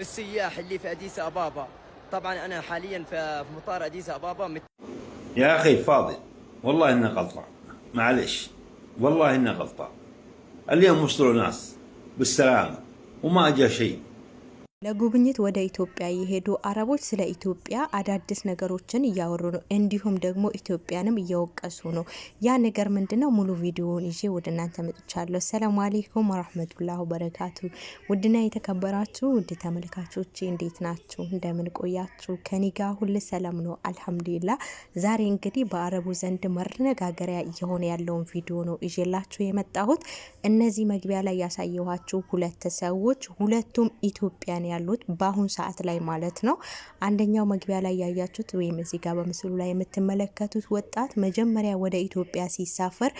السياح اللي في اديس ابابا طبعا انا حاليا في مطار اديس ابابا مت... يا اخي فاضل والله انه غلطان معلش والله انه غلطان اليوم وصلوا ناس بالسلامه وما اجى شيء ለጉብኝት ወደ ኢትዮጵያ የሄዱ አረቦች ስለ ኢትዮጵያ አዳዲስ ነገሮችን እያወሩ ነው። እንዲሁም ደግሞ ኢትዮጵያንም እየወቀሱ ነው። ያ ነገር ምንድነው? ሙሉ ቪዲዮውን ይዤ ወደ እናንተ መጥቻለሁ። ሰላም አሌይኩም ወራህመቱላሁ በረካቱ። ውድና የተከበራችሁ ውድ ተመልካቾች እንዴት ናችሁ? እንደምን ቆያችሁ? ከኔ ሁል ሰላም ነው አልሐምዱሊላ። ዛሬ እንግዲህ በአረቡ ዘንድ መነጋገሪያ እየሆነ ያለውን ቪዲዮ ነው ይዤላችሁ የመጣሁት። እነዚህ መግቢያ ላይ ያሳየኋችሁ ሁለት ሰዎች ሁለቱም ኢትዮጵያ ያሉት በአሁን ሰዓት ላይ ማለት ነው። አንደኛው መግቢያ ላይ ያያችሁት ወይም እዚህ ጋር በምስሉ ላይ የምትመለከቱት ወጣት መጀመሪያ ወደ ኢትዮጵያ ሲሳፈር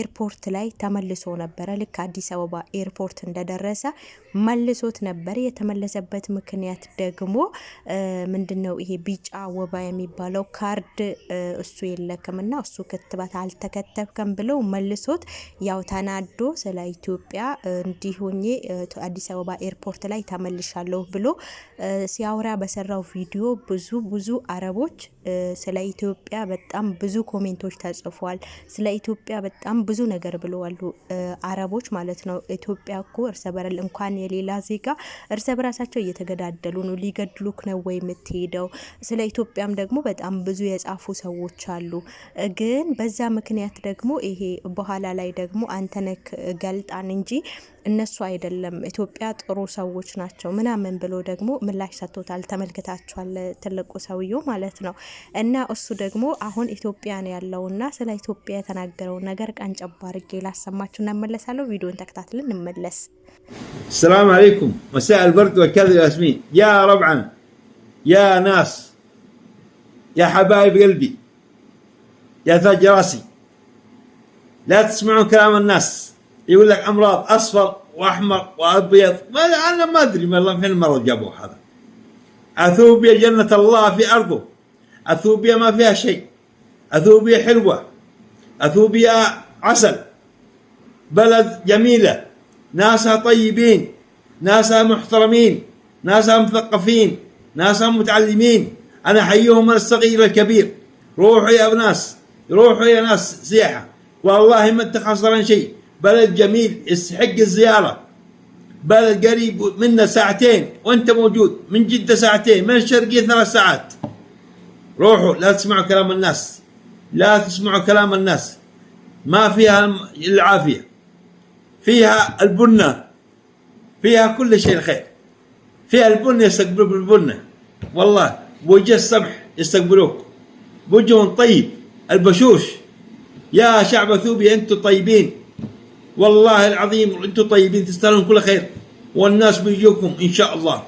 ኤርፖርት ላይ ተመልሶ ነበረ። ልክ አዲስ አበባ ኤርፖርት እንደደረሰ መልሶት ነበር። የተመለሰበት ምክንያት ደግሞ ምንድን ነው? ይሄ ቢጫ ወባ የሚባለው ካርድ እሱ የለክምና እሱ ክትባት አልተከተብከም ብለው መልሶት ያው ተናዶ ስለ ኢትዮጵያ እንዲሁኜ አዲስ አበባ ኤርፖርት ላይ ተመ ተመልሻለሁ ብሎ ሲያወራ በሰራው ቪዲዮ ብዙ ብዙ አረቦች ስለ ኢትዮጵያ በጣም ብዙ ኮሜንቶች ተጽፏል። ስለ ኢትዮጵያ በጣም ብዙ ነገር ብለዋሉ አረቦች ማለት ነው። ኢትዮጵያ እኮ እርሰ በረል እንኳን የሌላ ዜጋ እርሰ በራሳቸው እየተገዳደሉ ነው። ሊገድሉክ ነው ወይ የምትሄደው? ስለ ኢትዮጵያም ደግሞ በጣም ብዙ የጻፉ ሰዎች አሉ። ግን በዛ ምክንያት ደግሞ ይሄ በኋላ ላይ ደግሞ አንተነክ ገልጣን እንጂ እነሱ አይደለም ኢትዮጵያ ጥሩ ሰዎች ናቸው ምናምን ብሎ ደግሞ ምላሽ ሰጥቶታል። ተመልክታችኋል። ትልቁ ሰውየው ማለት ነው። እና እሱ ደግሞ አሁን ኢትዮጵያ ነው ያለውና ስለ ኢትዮጵያ የተናገረውን ነገር ቀን ጨባር ላሰማችሁ እና ቪዲዮን ተከታትለን እንመለስ። አሰላሙ አለይኩም መሳ አልበርድ ወካዝ ያስሚን ያ ረብዓና ያ ናስ ያ ሐባይብ ልቢ ያ ታጅ ራሲ ላ ተስምዑ ከላም ናስ يقول لك امراض اصفر واحمر وابيض ما انا ما ادري والله من المرض جابوه هذا اثوب جنه الله في ارضه اثيوبيا ما فيها شيء اثيوبيا حلوه اثيوبيا عسل بلد جميله ناسها طيبين ناسها محترمين ناسها مثقفين ناسها متعلمين انا احييهم من الصغير الكبير روحوا يا ناس روحوا يا ناس سياحه والله ما انت خسران شيء بلد جميل يستحق الزياره بلد قريب منا ساعتين وانت موجود من جده ساعتين من الشرقيه ثلاث ساعات روحوا لا تسمعوا كلام الناس لا تسمعوا كلام الناس ما فيها العافية فيها البنة فيها كل شيء الخير فيها البنة يستقبلوك بالبنة والله وجه السمح يستقبلوك وجه طيب البشوش يا شعب اثيوبيا انتم طيبين والله العظيم انتم طيبين تستاهلون كل خير والناس بيجوكم ان شاء الله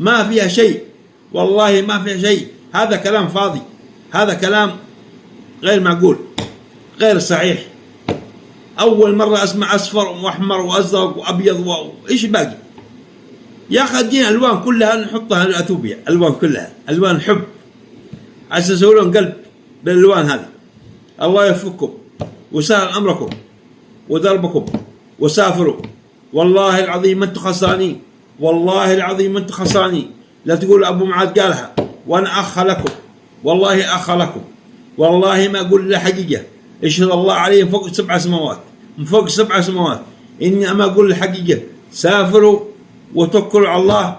ما فيها شيء والله ما فيها شيء هذا كلام فاضي هذا كلام غير معقول غير صحيح أول مرة أسمع أصفر وأحمر وأزرق وأبيض وإيش باقي يا أخي ألوان كلها نحطها الأثوبيا ألوان كلها ألوان حب عشان لهم قلب بالألوان هذه الله يوفقكم وسهل أمركم ودربكم وسافروا والله العظيم أنتم خسرانين والله العظيم أنتم خسرانين لا تقول أبو معاذ قالها وانا اخ لكم والله اخ لكم والله ما اقول الا حقيقه اشهد الله علي فوق سبع سماوات من فوق سبع سماوات اني ما اقول الحقيقه سافروا وتوكلوا على الله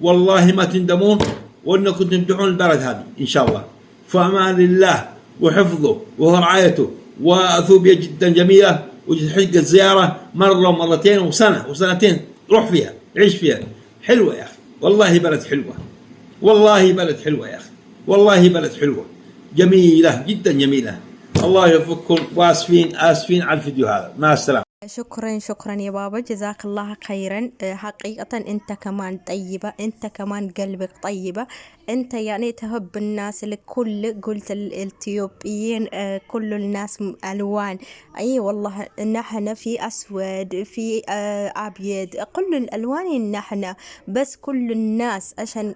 والله ما تندمون وانكم تمدحون البلد هذه ان شاء الله فامان الله وحفظه ورعايته واثوبيا جدا جميله وتحق الزياره مره ومرتين وسنه وسنتين روح فيها عيش فيها حلوه يا اخي والله بلد حلوه والله بلد حلوة يا أخي والله بلد حلوة جميلة جدا جميلة الله يوفقكم واسفين اسفين على الفيديو هذا مع السلامه شكرا شكرا يا بابا جزاك الله خيرا آه، حقيقة انت كمان طيبة انت كمان قلبك طيبة انت يعني تهب الناس الكل قلت الاثيوبيين آه، كل الناس الوان اي والله نحن في اسود في آه، ابيض كل الالوان نحن بس كل الناس عشان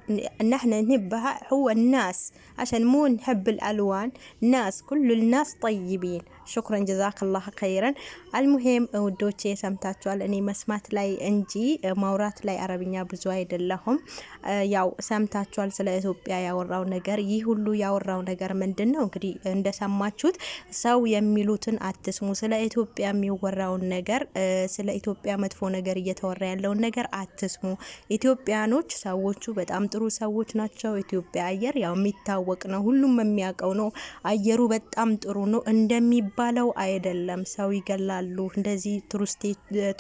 نحن نحبها هو الناس عشان مو نحب الالوان ناس كل الناس طيبين ሹክረን ጀዛክላህ ከይረን። አልሙሄም ውዶቼ ሰምታችኋል። እኔ መስማት ላይ እንጂ ማውራት ላይ አረብኛ ብዙ አይደለሁም። ያው ሰምታችኋል ስለ ኢትዮጵያ ያወራው ነገር። ይህ ሁሉ ያወራው ነገር ምንድን ነው? እንግዲህ እንደሰማችሁት ሰው የሚሉትን አትስሙ። ስለ ኢትዮጵያ የሚወራውን ነገር፣ ስለ ኢትዮጵያ መጥፎ ነገር እየተወራ ያለውን ነገር አትስሙ። ኢትዮጵያኖች ሰዎቹ በጣም ጥሩ ሰዎች ናቸው። ኢትዮጵያ አየር ያው የሚታወቅ ነው፣ ሁሉም የሚያውቀው ነው። አየሩ በጣም ጥሩ ነው እንደሚ የሚባለው አይደለም። ሰው ይገላሉ። እንደዚህ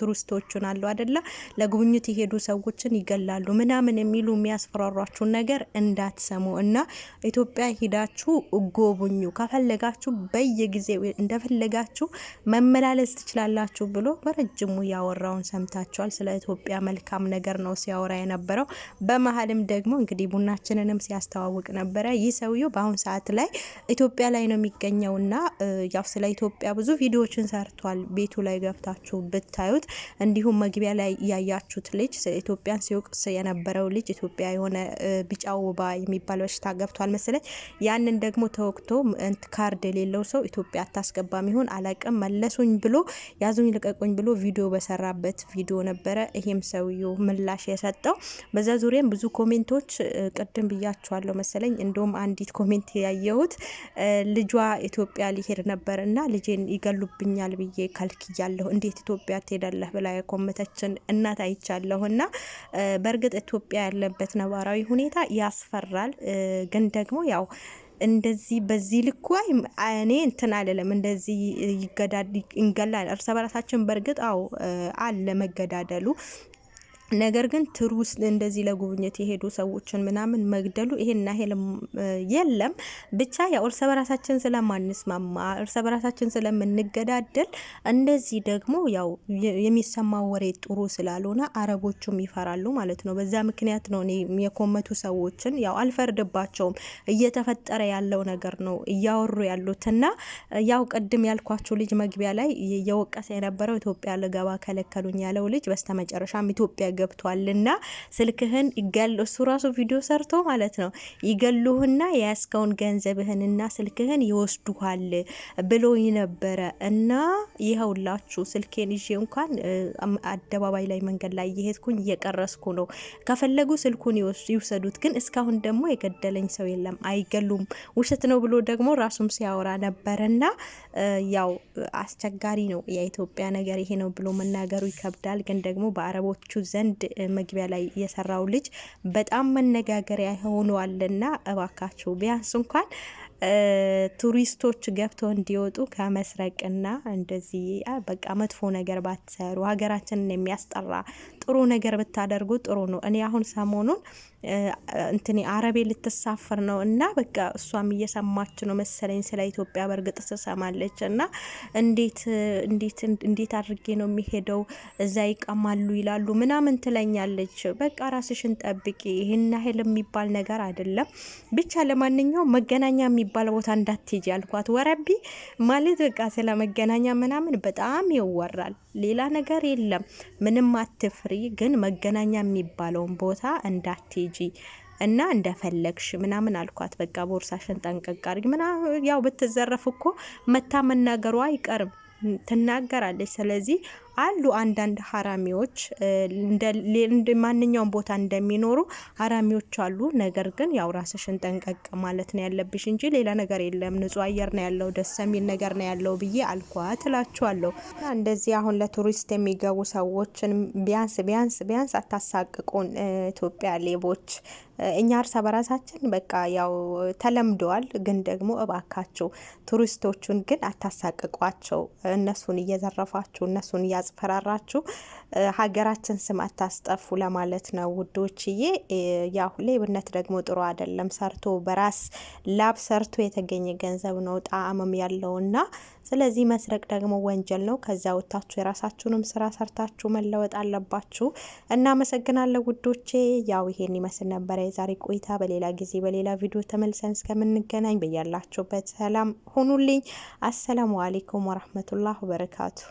ቱሪስቶቹን አሉ አደለ ለጉብኝት የሄዱ ሰዎችን ይገላሉ ምናምን የሚሉ የሚያስፈራሯችሁን ነገር እንዳትሰሙ እና ኢትዮጵያ ሂዳችሁ ጎብኙ። ከፈለጋችሁ በየጊዜው እንደፈለጋችሁ መመላለስ ትችላላችሁ ብሎ በረጅሙ ያወራውን ሰምታችኋል። ስለ ኢትዮጵያ መልካም ነገር ነው ሲያወራ የነበረው። በመሀልም ደግሞ እንግዲህ ቡናችንንም ሲያስተዋውቅ ነበረ። ይህ ሰውዬው በአሁን ሰዓት ላይ ኢትዮጵያ ላይ ነው የሚገኘውና ያው ስለ ኢትዮጵያ ብዙ ቪዲዮዎችን ሰርቷል። ቤቱ ላይ ገብታችሁ ብታዩት፣ እንዲሁም መግቢያ ላይ ያያችሁት ልጅ ኢትዮጵያን ሲወቅስ የነበረው ልጅ ኢትዮጵያ የሆነ ቢጫ ወባ የሚባል በሽታ ገብቷል መሰለኝ። ያንን ደግሞ ተወቅቶ ካርድ የሌለው ሰው ኢትዮጵያ አታስገባም ይሆን አላቅም፣ መለሱኝ ብሎ ያዙኝ ልቀቁኝ ብሎ ቪዲዮ በሰራበት ቪዲዮ ነበረ። ይሄም ሰውዬው ምላሽ የሰጠው በዛ ዙሪያም ብዙ ኮሜንቶች ቅድም ብያችኋለሁ መሰለኝ። እንደውም አንዲት ኮሜንት ያየሁት ልጇ ኢትዮጵያ ሊሄድ ነበር እና ልጄን ይገሉብኛል ብዬ ከልክያለሁ። እንዴት ኢትዮጵያ ትሄዳለህ ብላ የኮመተችን እናት አይቻለሁ። እና በእርግጥ ኢትዮጵያ ያለበት ነባራዊ ሁኔታ ያስፈራል። ግን ደግሞ ያው እንደዚህ በዚህ ልኩ እኔ እንትን አልልም። እንደዚህ ይገዳል እንገላል እርስ በራሳችን በእርግጥ አው አለ መገዳደሉ ነገር ግን ትር ውስጥ እንደዚህ ለጉብኝት የሄዱ ሰዎችን ምናምን መግደሉ ይሄና ይሄ የለም። ብቻ ያው እርሰ በራሳችን ስለማንስማማ እርሰ በራሳችን ስለምንገዳደል እንደዚህ ደግሞ ያው የሚሰማው ወሬ ጥሩ ስላልሆነ አረቦቹም ይፈራሉ ማለት ነው። በዛ ምክንያት ነው እኔ የኮመቱ ሰዎችን ያው አልፈርድባቸውም። እየተፈጠረ ያለው ነገር ነው እያወሩ ያሉትና ያው ቅድም ያልኳቸው ልጅ መግቢያ ላይ እየወቀሰ የነበረው ኢትዮጵያ ልገባ ከለከሉኝ ያለው ልጅ በስተመጨረሻም ኢትዮጵያ ገብቷልና ስልክህን ይገል እሱ ራሱ ቪዲዮ ሰርቶ ማለት ነው ይገሉህና የያዝከውን ገንዘብህንና ስልክህን ይወስዱሃል ብሎኝ ነበረ እና ይኸውላችሁ ስልኬን ይዤ እንኳን አደባባይ ላይ መንገድ ላይ እየሄድኩኝ እየቀረስኩ ነው። ከፈለጉ ስልኩን ይውሰዱት፣ ግን እስካሁን ደግሞ የገደለኝ ሰው የለም። አይገሉም፣ ውሸት ነው ብሎ ደግሞ ራሱም ሲያወራ ነበረና ያው አስቸጋሪ ነው የኢትዮጵያ ነገር ይሄ ነው ብሎ መናገሩ ይከብዳል። ግን ደግሞ በአረቦቹ ዘንድ አንድ መግቢያ ላይ የሰራው ልጅ በጣም መነጋገሪያ ሆኗልና እባካችሁ ቢያንስ እንኳን ቱሪስቶች ገብተው እንዲወጡ ከመስረቅና እንደዚህ በቃ መጥፎ ነገር ባትሰሩ ሀገራችንን የሚያስጠራ ጥሩ ነገር ብታደርጉ ጥሩ ነው። እኔ አሁን ሰሞኑን እንትኔ አረቤ ልትሳፈር ነው እና በቃ እሷም እየሰማች ነው መሰለኝ ስለ ኢትዮጵያ። በእርግጥ ትሰማለች እና እንዴት አድርጌ ነው የሚሄደው እዛ ይቀማሉ ይላሉ ምናምን ትለኛለች። በቃ ራስሽን ጠብቂ፣ ይህን ያህል የሚባል ነገር አይደለም። ብቻ ለማንኛውም መገናኛ የሚባል ቦታ እንዳትሄጂ አልኳት። ወረቢ ማለት በቃ ስለ መገናኛ ምናምን በጣም ይወራል፣ ሌላ ነገር የለም። ምንም አትፍሪ፣ ግን መገናኛ የሚባለውን ቦታ እንዳትሄጂ ሂጂ እና እንደፈለግሽ ምናምን አልኳት። በቃ ቦርሳሽን ጠንቀቅ አድርጊ ምናምን። ያው ብትዘረፍ እኮ መታ መናገሯ አይቀርም ትናገራለች። ስለዚህ አሉ አንዳንድ ሀራሚዎች ማንኛውም ቦታ እንደሚኖሩ ሀራሚዎች አሉ። ነገር ግን ያው ራስሽን ጠንቀቅ ማለት ነው ያለብሽ እንጂ ሌላ ነገር የለም። ንጹህ አየር ነው ያለው፣ ደስ የሚል ነገር ነው ያለው ብዬ አልኳት እላችኋለሁ። እንደዚህ አሁን ለቱሪስት የሚገቡ ሰዎችን ቢያንስ ቢያንስ ቢያንስ አታሳቅቁን ኢትዮጵያ ሌቦች። እኛ እርሰ በራሳችን በቃ ያው ተለምደዋል። ግን ደግሞ እባካቸው ቱሪስቶቹን ግን አታሳቅቋቸው። እነሱን እየዘረፋችሁ እነሱን እያ እያስፈራራችሁ ሀገራችን ስም አታስጠፉ ለማለት ነው ውዶችዬ። ያው ሌብነት ደግሞ ጥሩ አይደለም። ሰርቶ በራስ ላብ ሰርቶ የተገኘ ገንዘብ ነው ጣዕምም ያለውና ስለዚህ መስረቅ ደግሞ ወንጀል ነው። ከዛ ወጥታችሁ የራሳችሁንም ስራ ሰርታችሁ መለወጥ አለባችሁ። እናመሰግናለሁ ውዶቼ። ያው ይሄን ይመስል ነበረ የዛሬ ቆይታ። በሌላ ጊዜ በሌላ ቪዲዮ ተመልሰን እስከምንገናኝ በያላችሁበት ሰላም ሁኑልኝ። አሰላሙ አሌይኩም ወረህመቱላህ ወበረካቱሁ።